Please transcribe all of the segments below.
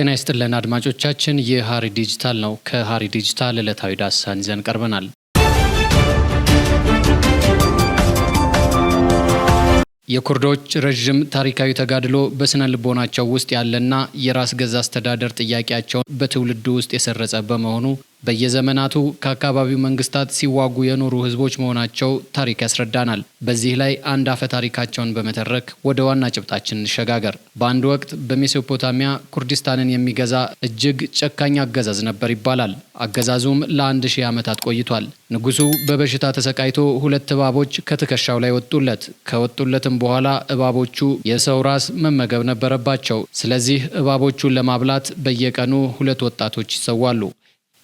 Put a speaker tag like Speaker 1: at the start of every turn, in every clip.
Speaker 1: ጤና ይስጥልን አድማጮቻችን፣ ይህ ሓሪ ዲጂታል ነው። ከሓሪ ዲጂታል ዕለታዊ ዳሰሳን ይዘን ቀርበናል። የኩርዶች ረዥም ታሪካዊ ተጋድሎ በስነ ልቦናቸው ውስጥ ያለና የራስ ገዛ አስተዳደር ጥያቄያቸውን በትውልዱ ውስጥ የሰረጸ በመሆኑ በየዘመናቱ ከአካባቢው መንግስታት ሲዋጉ የኖሩ ህዝቦች መሆናቸው ታሪክ ያስረዳናል። በዚህ ላይ አንድ አፈ ታሪካቸውን በመተረክ ወደ ዋና ጭብጣችን እንሸጋገር። በአንድ ወቅት በሜሶፖታሚያ ኩርዲስታንን የሚገዛ እጅግ ጨካኝ አገዛዝ ነበር ይባላል። አገዛዙም ለአንድ ሺህ ዓመታት ቆይቷል። ንጉሱ በበሽታ ተሰቃይቶ ሁለት እባቦች ከትከሻው ላይ ወጡለት። ከወጡለትም በኋላ እባቦቹ የሰው ራስ መመገብ ነበረባቸው። ስለዚህ እባቦቹን ለማብላት በየቀኑ ሁለት ወጣቶች ይሰዋሉ።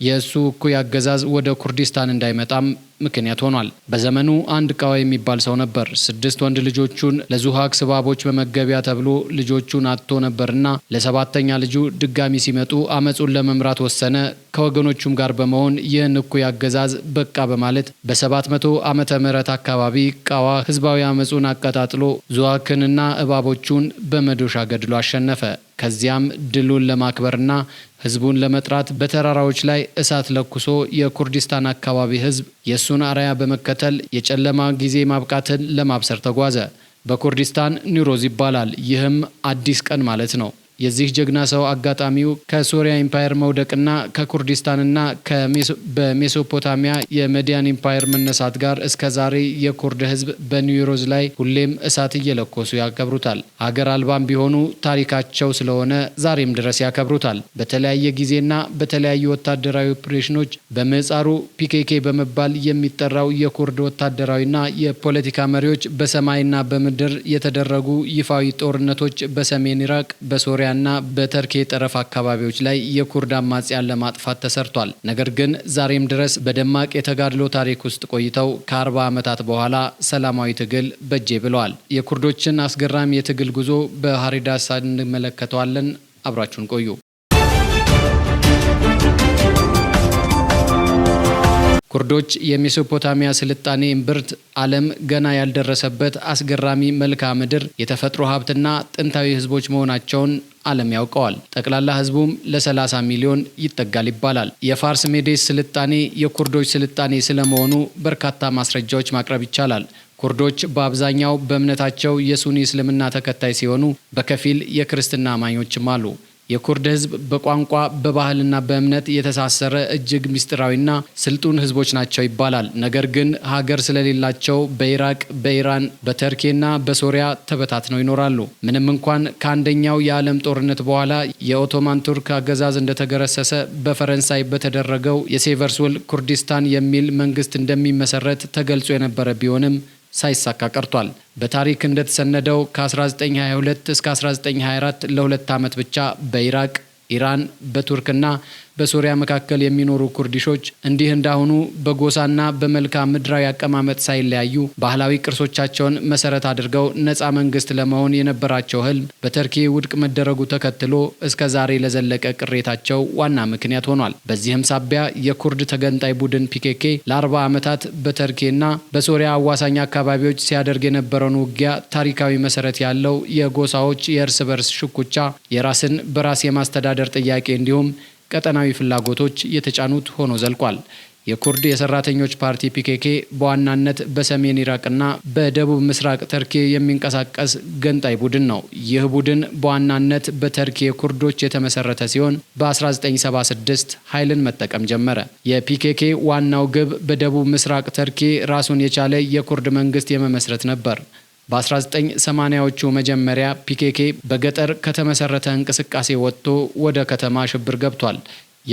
Speaker 1: የእሱ እኩይ አገዛዝ ወደ ኩርዲስታን እንዳይመጣም ምክንያት ሆኗል። በዘመኑ አንድ ቃዋ የሚባል ሰው ነበር። ስድስት ወንድ ልጆቹን ለዙሃክ ስባቦች በመገቢያ ተብሎ ልጆቹን አጥቶ ነበርና ለሰባተኛ ልጁ ድጋሚ ሲመጡ አመፁን ለመምራት ወሰነ። ከወገኖቹም ጋር በመሆን ይህን እኩይ አገዛዝ በቃ በማለት በ700 ዓመተ ምህረት አካባቢ ቃዋ ህዝባዊ አመፁን አቀጣጥሎ ዙሃክንና እባቦቹን በመዶሻ ገድሎ አሸነፈ። ከዚያም ድሉን ለማክበርና ህዝቡን ለመጥራት በተራራዎች ላይ እሳት ለኩሶ የኩርዲስታን አካባቢ ህዝብ የእሱን አርያ በመከተል የጨለማ ጊዜ ማብቃትን ለማብሰር ተጓዘ። በኩርዲስታን ኒሮዝ ይባላል። ይህም አዲስ ቀን ማለት ነው። የዚህ ጀግና ሰው አጋጣሚው ከሶሪያ ኢምፓየር መውደቅና ከኩርዲስታንና በሜሶፖታሚያ የመዲያን ኢምፓየር መነሳት ጋር እስከ ዛሬ የኩርድ ሕዝብ በኒውሮዝ ላይ ሁሌም እሳት እየለኮሱ ያከብሩታል። ሀገር አልባም ቢሆኑ ታሪካቸው ስለሆነ ዛሬም ድረስ ያከብሩታል። በተለያየ ጊዜና በተለያዩ ወታደራዊ ኦፕሬሽኖች በምህጻሩ ፒኬኬ በመባል የሚጠራው የኩርድ ወታደራዊና የፖለቲካ መሪዎች በሰማይና በምድር የተደረጉ ይፋዊ ጦርነቶች በሰሜን ኢራቅ በሶሪያ ና በተርኬ ጠረፍ አካባቢዎች ላይ የኩርድ አማጽያን ለማጥፋት ተሰርቷል። ነገር ግን ዛሬም ድረስ በደማቅ የተጋድሎ ታሪክ ውስጥ ቆይተው ከአርባ ዓመታት በኋላ ሰላማዊ ትግል በጄ ብለዋል። የኩርዶችን አስገራሚ የትግል ጉዞ በሀሪዳሳ እንመለከተዋለን። አብራችሁን ቆዩ። ኩርዶች የሜሶፖታሚያ ስልጣኔ እምብርት ዓለም ገና ያልደረሰበት አስገራሚ መልክዓ ምድር የተፈጥሮ ሀብትና ጥንታዊ ህዝቦች መሆናቸውን ዓለም ያውቀዋል። ጠቅላላ ህዝቡም ለ30 ሚሊዮን ይጠጋል ይባላል። የፋርስ ሜዴስ ስልጣኔ የኩርዶች ስልጣኔ ስለመሆኑ በርካታ ማስረጃዎች ማቅረብ ይቻላል። ኩርዶች በአብዛኛው በእምነታቸው የሱኒ እስልምና ተከታይ ሲሆኑ በከፊል የክርስትና አማኞችም አሉ። የኩርድ ህዝብ በቋንቋ በባህልና በእምነት የተሳሰረ እጅግ ምስጢራዊና ስልጡን ህዝቦች ናቸው ይባላል። ነገር ግን ሀገር ስለሌላቸው በኢራቅ፣ በኢራን፣ በተርኬና በሶሪያ ተበታትነው ይኖራሉ። ምንም እንኳን ከአንደኛው የዓለም ጦርነት በኋላ የኦቶማን ቱርክ አገዛዝ እንደተገረሰሰ በፈረንሳይ በተደረገው የሴቨርስ ኩርዲስታን የሚል መንግስት እንደሚመሰረት ተገልጾ የነበረ ቢሆንም ሳይሳካ ቀርቷል። በታሪክ እንደተሰነደው ከ1922 እስከ 1924 ለሁለት ዓመት ብቻ በኢራቅ፣ ኢራን፣ በቱርክና በሶሪያ መካከል የሚኖሩ ኩርዲሾች እንዲህ እንዳሁኑ በጎሳና በመልክዓ ምድራዊ አቀማመጥ ሳይለያዩ ባህላዊ ቅርሶቻቸውን መሰረት አድርገው ነፃ መንግስት ለመሆን የነበራቸው ህልም በተርኪ ውድቅ መደረጉ ተከትሎ እስከ ዛሬ ለዘለቀ ቅሬታቸው ዋና ምክንያት ሆኗል። በዚህም ሳቢያ የኩርድ ተገንጣይ ቡድን ፒኬኬ ለ40 ዓመታት በተርኬና በሶሪያ አዋሳኝ አካባቢዎች ሲያደርግ የነበረውን ውጊያ ታሪካዊ መሰረት ያለው የጎሳዎች የእርስ በርስ ሽኩቻ፣ የራስን በራስ የማስተዳደር ጥያቄ እንዲሁም ቀጠናዊ ፍላጎቶች የተጫኑት ሆኖ ዘልቋል። የኩርድ የሰራተኞች ፓርቲ ፒኬኬ በዋናነት በሰሜን ኢራቅና በደቡብ ምስራቅ ተርኬ የሚንቀሳቀስ ገንጣይ ቡድን ነው። ይህ ቡድን በዋናነት በተርኬ ኩርዶች የተመሰረተ ሲሆን በ1976 ኃይልን መጠቀም ጀመረ። የፒኬኬ ዋናው ግብ በደቡብ ምስራቅ ተርኬ ራሱን የቻለ የኩርድ መንግስት የመመስረት ነበር። በ1980ዎቹ መጀመሪያ ፒኬኬ በገጠር ከተመሰረተ እንቅስቃሴ ወጥቶ ወደ ከተማ ሽብር ገብቷል።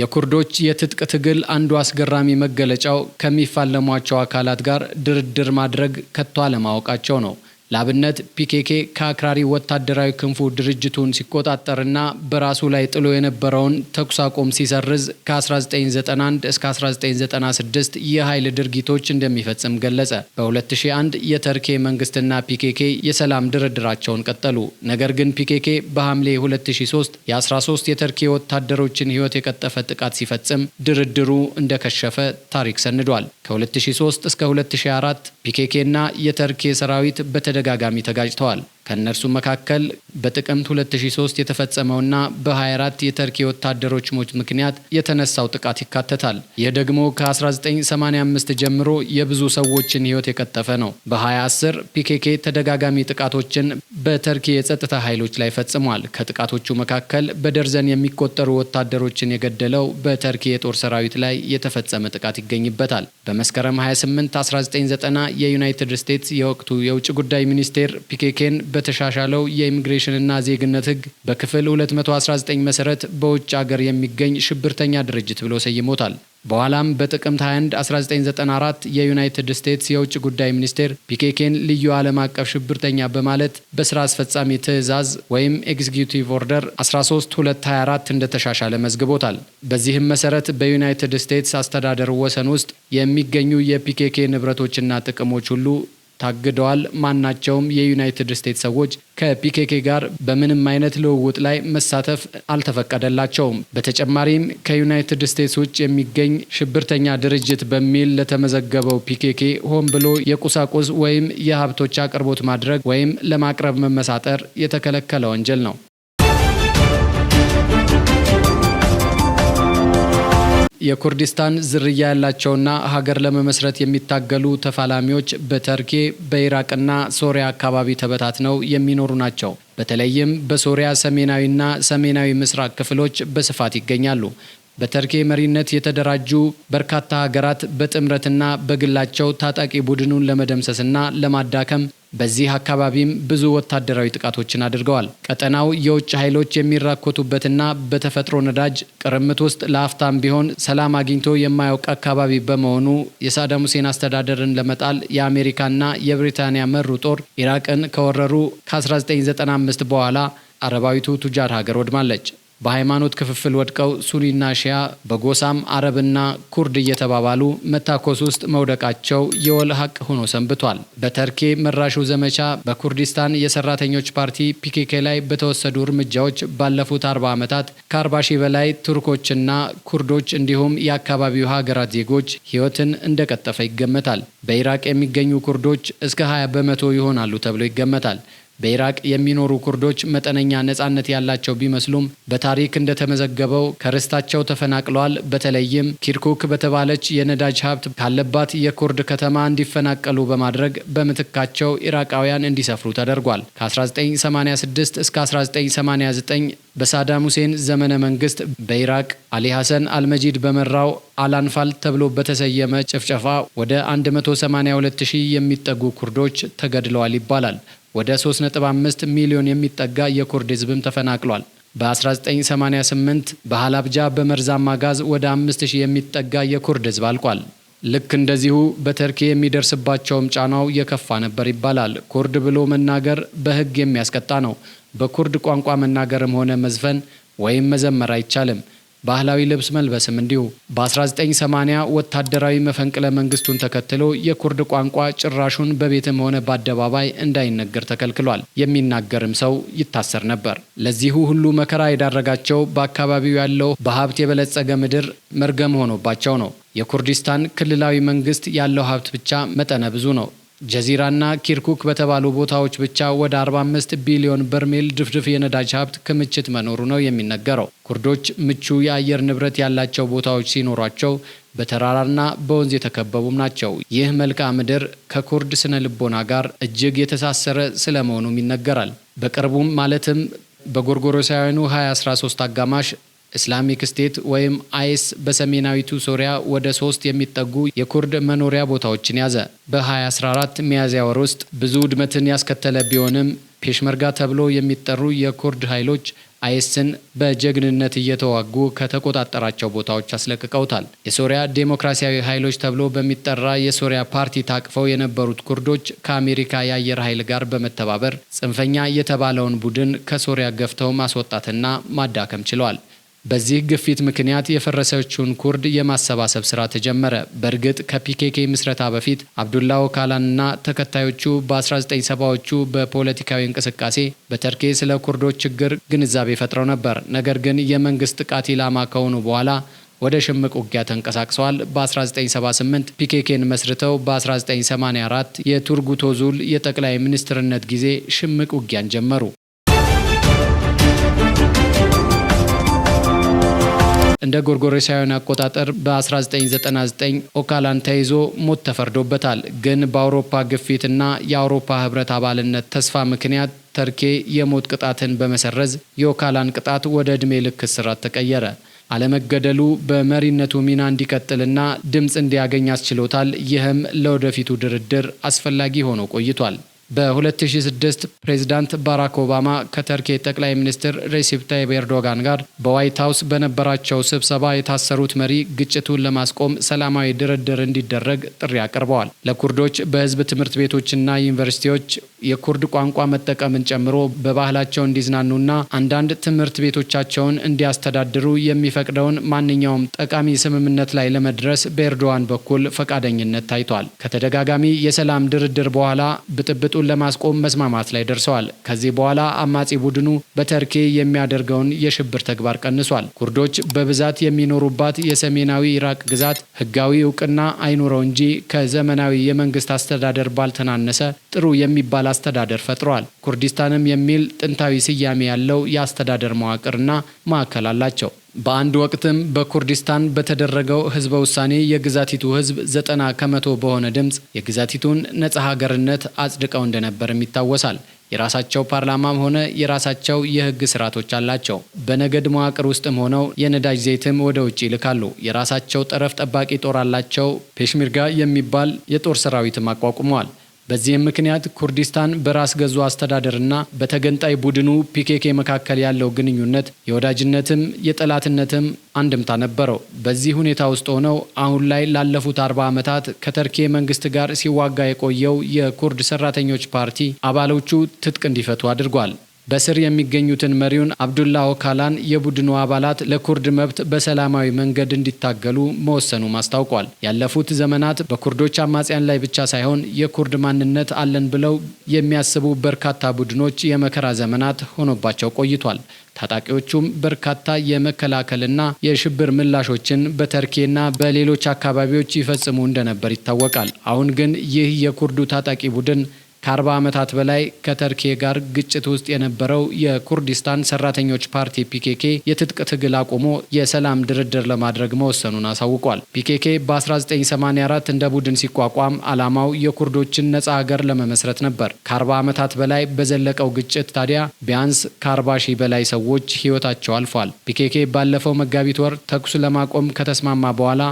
Speaker 1: የኩርዶች የትጥቅ ትግል አንዱ አስገራሚ መገለጫው ከሚፋለሟቸው አካላት ጋር ድርድር ማድረግ ከቶ አለማወቃቸው ነው። ለአብነት ፒኬኬ ከአክራሪ ወታደራዊ ክንፉ ድርጅቱን ሲቆጣጠርና በራሱ ላይ ጥሎ የነበረውን ተኩስ አቁም ሲሰርዝ ከ1991 እስከ 1996 የኃይል ድርጊቶች እንደሚፈጽም ገለጸ። በ2001 የተርኬ መንግስትና ፒኬኬ የሰላም ድርድራቸውን ቀጠሉ። ነገር ግን ፒኬኬ በሐምሌ 2003 የ13 የተርኬ ወታደሮችን ህይወት የቀጠፈ ጥቃት ሲፈጽም ድርድሩ እንደከሸፈ ታሪክ ሰንዷል። ከ2003 እስከ 2004 ፒኬኬና የተርኬ ሰራዊት በተደ በተደጋጋሚ ተጋጭተዋል። ከእነርሱም መካከል በጥቅምት 2003 የተፈጸመውና በ24 የተርኪ ወታደሮች ሞት ምክንያት የተነሳው ጥቃት ይካተታል። ይህ ደግሞ ከ1985 ጀምሮ የብዙ ሰዎችን ሕይወት የቀጠፈ ነው። በ2010 ፒኬኬ ተደጋጋሚ ጥቃቶችን በተርኪ የጸጥታ ኃይሎች ላይ ፈጽሟል። ከጥቃቶቹ መካከል በደርዘን የሚቆጠሩ ወታደሮችን የገደለው በተርኪ የጦር ሰራዊት ላይ የተፈጸመ ጥቃት ይገኝበታል። በመስከረም 28 1990 የዩናይትድ ስቴትስ የወቅቱ የውጭ ጉዳይ ሚኒስቴር ፒኬኬን በተሻሻለው የኢሚግሬሽንና ዜግነት ህግ በክፍል 219 መሰረት በውጭ አገር የሚገኝ ሽብርተኛ ድርጅት ብሎ ሰይሞታል። በኋላም በጥቅምት 21 1994 የዩናይትድ ስቴትስ የውጭ ጉዳይ ሚኒስቴር ፒኬኬን ልዩ ዓለም አቀፍ ሽብርተኛ በማለት በስራ አስፈጻሚ ትዕዛዝ ወይም ኤግዚኪቲቭ ኦርደር 13224 እንደተሻሻለ መዝግቦታል። በዚህም መሰረት በዩናይትድ ስቴትስ አስተዳደር ወሰን ውስጥ የሚገኙ የፒኬኬ ንብረቶችና ጥቅሞች ሁሉ ታግደዋል። ማናቸውም የዩናይትድ ስቴትስ ሰዎች ከፒኬኬ ጋር በምንም አይነት ልውውጥ ላይ መሳተፍ አልተፈቀደላቸውም። በተጨማሪም ከዩናይትድ ስቴትስ ውጭ የሚገኝ ሽብርተኛ ድርጅት በሚል ለተመዘገበው ፒኬኬ ሆን ብሎ የቁሳቁስ ወይም የሀብቶች አቅርቦት ማድረግ ወይም ለማቅረብ መመሳጠር የተከለከለ ወንጀል ነው። የኩርዲስታን ዝርያ ያላቸውና ሀገር ለመመስረት የሚታገሉ ተፋላሚዎች በተርኬ በኢራቅና ሶሪያ አካባቢ ተበታትነው የሚኖሩ ናቸው። በተለይም በሶሪያ ሰሜናዊና ሰሜናዊ ምስራቅ ክፍሎች በስፋት ይገኛሉ። በተርኬ መሪነት የተደራጁ በርካታ ሀገራት በጥምረትና በግላቸው ታጣቂ ቡድኑን ለመደምሰስና ለማዳከም በዚህ አካባቢም ብዙ ወታደራዊ ጥቃቶችን አድርገዋል። ቀጠናው የውጭ ኃይሎች የሚራኮቱበትና በተፈጥሮ ነዳጅ ቅርምት ውስጥ ለአፍታም ቢሆን ሰላም አግኝቶ የማያውቅ አካባቢ በመሆኑ የሳዳም ሁሴን አስተዳደርን ለመጣል የአሜሪካና የብሪታንያ መሩ ጦር ኢራቅን ከወረሩ ከ1995 በኋላ አረባዊቱ ቱጃር ሀገር ወድማለች። በሃይማኖት ክፍፍል ወድቀው ሱኒና ሺያ በጎሳም አረብና ኩርድ እየተባባሉ መታኮስ ውስጥ መውደቃቸው የወል ሀቅ ሆኖ ሰንብቷል። በተርኬ መራሹ ዘመቻ በኩርዲስታን የሰራተኞች ፓርቲ ፒኬኬ ላይ በተወሰዱ እርምጃዎች ባለፉት 40 ዓመታት ከ40 ሺህ በላይ ቱርኮችና ኩርዶች እንዲሁም የአካባቢው ሀገራት ዜጎች ሕይወትን እንደቀጠፈ ይገመታል። በኢራቅ የሚገኙ ኩርዶች እስከ 20 በመቶ ይሆናሉ ተብሎ ይገመታል። በኢራቅ የሚኖሩ ኩርዶች መጠነኛ ነጻነት ያላቸው ቢመስሉም በታሪክ እንደተመዘገበው ከርስታቸው ተፈናቅለዋል። በተለይም ኪርኩክ በተባለች የነዳጅ ሀብት ካለባት የኩርድ ከተማ እንዲፈናቀሉ በማድረግ በምትካቸው ኢራቃውያን እንዲሰፍሩ ተደርጓል። ከ1986 እስከ 1989 በሳዳም ሁሴን ዘመነ መንግስት በኢራቅ አሊ ሐሰን አልመጂድ በመራው አላንፋል ተብሎ በተሰየመ ጭፍጨፋ ወደ 182 ሺህ የሚጠጉ ኩርዶች ተገድለዋል ይባላል። ወደ 3.5 ሚሊዮን የሚጠጋ የኩርድ ህዝብም ተፈናቅሏል። በ1988 በሃላብጃ በመርዛማ ጋዝ ወደ 5000 የሚጠጋ የኩርድ ህዝብ አልቋል። ልክ እንደዚሁ በተርኪ የሚደርስባቸውም ጫናው የከፋ ነበር ይባላል። ኩርድ ብሎ መናገር በህግ የሚያስቀጣ ነው። በኩርድ ቋንቋ መናገርም ሆነ መዝፈን ወይም መዘመር አይቻልም። ባህላዊ ልብስ መልበስም እንዲሁ። በ1980 ወታደራዊ መፈንቅለ መንግስቱን ተከትሎ የኩርድ ቋንቋ ጭራሹን በቤትም ሆነ በአደባባይ እንዳይነገር ተከልክሏል። የሚናገርም ሰው ይታሰር ነበር። ለዚሁ ሁሉ መከራ የዳረጋቸው በአካባቢው ያለው በሀብት የበለጸገ ምድር መርገም ሆኖባቸው ነው። የኩርዲስታን ክልላዊ መንግስት ያለው ሀብት ብቻ መጠነ ብዙ ነው። ጀዚራና ኪርኩክ በተባሉ ቦታዎች ብቻ ወደ 45 ቢሊዮን በርሜል ድፍድፍ የነዳጅ ሀብት ክምችት መኖሩ ነው የሚነገረው። ኩርዶች ምቹ የአየር ንብረት ያላቸው ቦታዎች ሲኖሯቸው በተራራና በወንዝ የተከበቡም ናቸው። ይህ መልክዓ ምድር ከኩርድ ስነ ልቦና ጋር እጅግ የተሳሰረ ስለመሆኑም ይነገራል። በቅርቡም ማለትም በጎርጎሮሳውያኑ 2013 አጋማሽ ኢስላሚክ ስቴት ወይም አይስ በሰሜናዊቱ ሶሪያ ወደ ሶስት የሚጠጉ የኩርድ መኖሪያ ቦታዎችን ያዘ። በ2014 ሚያዝያ ወር ውስጥ ብዙ ውድመትን ያስከተለ ቢሆንም ፔሽመርጋ ተብሎ የሚጠሩ የኩርድ ኃይሎች አይስን በጀግንነት እየተዋጉ ከተቆጣጠራቸው ቦታዎች አስለቅቀውታል። የሶሪያ ዴሞክራሲያዊ ኃይሎች ተብሎ በሚጠራ የሶሪያ ፓርቲ ታቅፈው የነበሩት ኩርዶች ከአሜሪካ የአየር ኃይል ጋር በመተባበር ጽንፈኛ የተባለውን ቡድን ከሶሪያ ገፍተው ማስወጣትና ማዳከም ችለዋል። በዚህ ግፊት ምክንያት የፈረሰችውን ኩርድ የማሰባሰብ ስራ ተጀመረ። በእርግጥ ከፒኬኬ ምስረታ በፊት አብዱላ ኦካላንና ተከታዮቹ በ1970ዎቹ በፖለቲካዊ እንቅስቃሴ በተርኬ ስለ ኩርዶች ችግር ግንዛቤ ፈጥረው ነበር። ነገር ግን የመንግስት ጥቃት ኢላማ ከሆኑ በኋላ ወደ ሽምቅ ውጊያ ተንቀሳቅሰዋል። በ1978 ፒኬኬን መስርተው በ1984 የቱርጉቶ ዙል የጠቅላይ ሚኒስትርነት ጊዜ ሽምቅ ውጊያን ጀመሩ። እንደ ጎርጎሮሳውያን አቆጣጠር በ1999 ኦካላን ተይዞ ሞት ተፈርዶበታል። ግን በአውሮፓ ግፊትና የአውሮፓ ህብረት አባልነት ተስፋ ምክንያት ተርኬ የሞት ቅጣትን በመሰረዝ የኦካላን ቅጣት ወደ ዕድሜ ልክ እስራት ተቀየረ። አለመገደሉ በመሪነቱ ሚና እንዲቀጥልና ድምፅ እንዲያገኝ አስችሎታል። ይህም ለወደፊቱ ድርድር አስፈላጊ ሆኖ ቆይቷል። በ2006 ፕሬዚዳንት ባራክ ኦባማ ከተርኬ ጠቅላይ ሚኒስትር ሬሲፕ ታይብ ኤርዶጋን ጋር በዋይት ሀውስ በነበራቸው ስብሰባ የታሰሩት መሪ ግጭቱን ለማስቆም ሰላማዊ ድርድር እንዲደረግ ጥሪ አቅርበዋል። ለኩርዶች በህዝብ ትምህርት ቤቶችና ዩኒቨርሲቲዎች የኩርድ ቋንቋ መጠቀምን ጨምሮ በባህላቸው እንዲዝናኑና አንዳንድ ትምህርት ቤቶቻቸውን እንዲያስተዳድሩ የሚፈቅደውን ማንኛውም ጠቃሚ ስምምነት ላይ ለመድረስ በኤርዶዋን በኩል ፈቃደኝነት ታይቷል። ከተደጋጋሚ የሰላም ድርድር በኋላ ብጥብጡ ግጭቱን ለማስቆም መስማማት ላይ ደርሰዋል። ከዚህ በኋላ አማጺ ቡድኑ በተርኬ የሚያደርገውን የሽብር ተግባር ቀንሷል። ኩርዶች በብዛት የሚኖሩባት የሰሜናዊ ኢራቅ ግዛት ህጋዊ እውቅና አይኑረው እንጂ ከዘመናዊ የመንግስት አስተዳደር ባልተናነሰ ጥሩ የሚባል አስተዳደር ፈጥሯል። ኩርዲስታንም የሚል ጥንታዊ ስያሜ ያለው የአስተዳደር መዋቅርና ማዕከል አላቸው። በአንድ ወቅትም በኩርዲስታን በተደረገው ህዝበ ውሳኔ የግዛቲቱ ህዝብ ዘጠና ከመቶ በሆነ ድምፅ የግዛቲቱን ነጻ ሀገርነት አጽድቀው እንደነበርም ይታወሳል። የራሳቸው ፓርላማም ሆነ የራሳቸው የህግ ስርዓቶች አላቸው። በነገድ መዋቅር ውስጥም ሆነው የነዳጅ ዘይትም ወደ ውጭ ይልካሉ። የራሳቸው ጠረፍ ጠባቂ ጦር አላቸው። ፔሽሚርጋ የሚባል የጦር ሰራዊትም አቋቁመዋል። በዚህም ምክንያት ኩርዲስታን በራስ ገዙ አስተዳደርና በተገንጣይ ቡድኑ ፒኬኬ መካከል ያለው ግንኙነት የወዳጅነትም የጠላትነትም አንድምታ ነበረው። በዚህ ሁኔታ ውስጥ ሆነው አሁን ላይ ላለፉት አርባ ዓመታት ከተርኬ መንግስት ጋር ሲዋጋ የቆየው የኩርድ ሰራተኞች ፓርቲ አባሎቹ ትጥቅ እንዲፈቱ አድርጓል። በስር የሚገኙትን መሪውን አብዱላ ኦካላን የቡድኑ አባላት ለኩርድ መብት በሰላማዊ መንገድ እንዲታገሉ መወሰኑም አስታውቋል። ያለፉት ዘመናት በኩርዶች አማጽያን ላይ ብቻ ሳይሆን የኩርድ ማንነት አለን ብለው የሚያስቡ በርካታ ቡድኖች የመከራ ዘመናት ሆኖባቸው ቆይቷል። ታጣቂዎቹም በርካታ የመከላከልና የሽብር ምላሾችን በተርኬና በሌሎች አካባቢዎች ይፈጽሙ እንደነበር ይታወቃል። አሁን ግን ይህ የኩርዱ ታጣቂ ቡድን ከአርባ ዓመታት በላይ ከተርኬ ጋር ግጭት ውስጥ የነበረው የኩርዲስታን ሰራተኞች ፓርቲ ፒኬኬ የትጥቅ ትግል አቁሞ የሰላም ድርድር ለማድረግ መወሰኑን አሳውቋል። ፒኬኬ በ1984 እንደ ቡድን ሲቋቋም ዓላማው የኩርዶችን ነፃ ሀገር ለመመስረት ነበር። ከ40 ዓመታት በላይ በዘለቀው ግጭት ታዲያ ቢያንስ ከ40 ሺህ በላይ ሰዎች ሕይወታቸው አልፏል። ፒኬኬ ባለፈው መጋቢት ወር ተኩስ ለማቆም ከተስማማ በኋላ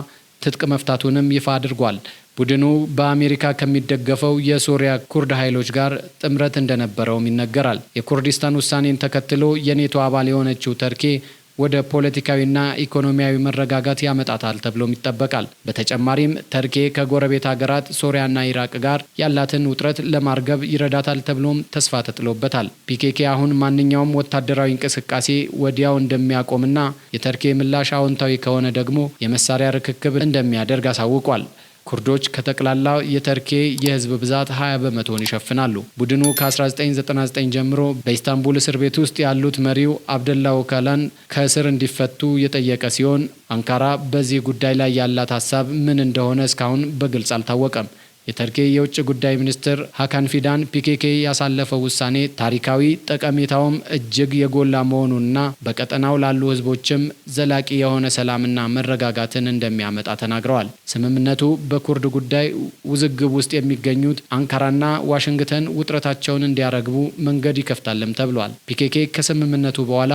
Speaker 1: ትጥቅ መፍታቱንም ይፋ አድርጓል። ቡድኑ በአሜሪካ ከሚደገፈው የሶሪያ ኩርድ ኃይሎች ጋር ጥምረት እንደነበረውም ይነገራል። የኩርዲስታን ውሳኔን ተከትሎ የኔቶ አባል የሆነችው ተርኬ ወደ ፖለቲካዊና ኢኮኖሚያዊ መረጋጋት ያመጣታል ተብሎም ይጠበቃል። በተጨማሪም ተርኬ ከጎረቤት ሀገራት ሶሪያና ኢራቅ ጋር ያላትን ውጥረት ለማርገብ ይረዳታል ተብሎም ተስፋ ተጥሎበታል። ፒኬኬ አሁን ማንኛውም ወታደራዊ እንቅስቃሴ ወዲያው እንደሚያቆምና የተርኬ ምላሽ አዎንታዊ ከሆነ ደግሞ የመሳሪያ ርክክብ እንደሚያደርግ አሳውቋል። ኩርዶች ከጠቅላላ የተርኬ የህዝብ ብዛት 20 በመቶን ይሸፍናሉ። ቡድኑ ከ1999 ጀምሮ በኢስታንቡል እስር ቤት ውስጥ ያሉት መሪው አብደላ ወካላን ከእስር እንዲፈቱ የጠየቀ ሲሆን አንካራ በዚህ ጉዳይ ላይ ያላት ሀሳብ ምን እንደሆነ እስካሁን በግልጽ አልታወቀም። የተርኬ የውጭ ጉዳይ ሚኒስትር ሀካን ፊዳን ፒኬኬ ያሳለፈው ውሳኔ ታሪካዊ ጠቀሜታውም እጅግ የጎላ መሆኑንና በቀጠናው ላሉ ህዝቦችም ዘላቂ የሆነ ሰላምና መረጋጋትን እንደሚያመጣ ተናግረዋል። ስምምነቱ በኩርድ ጉዳይ ውዝግብ ውስጥ የሚገኙት አንካራና ዋሽንግተን ውጥረታቸውን እንዲያረግቡ መንገድ ይከፍታልም ተብሏል። ፒኬኬ ከስምምነቱ በኋላ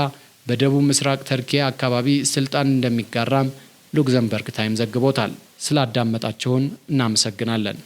Speaker 1: በደቡብ ምስራቅ ተርኬ አካባቢ ስልጣን እንደሚጋራም ሉክዘምበርግ ታይም ዘግቦታል። ስላዳመጣችሁን እናመሰግናለን።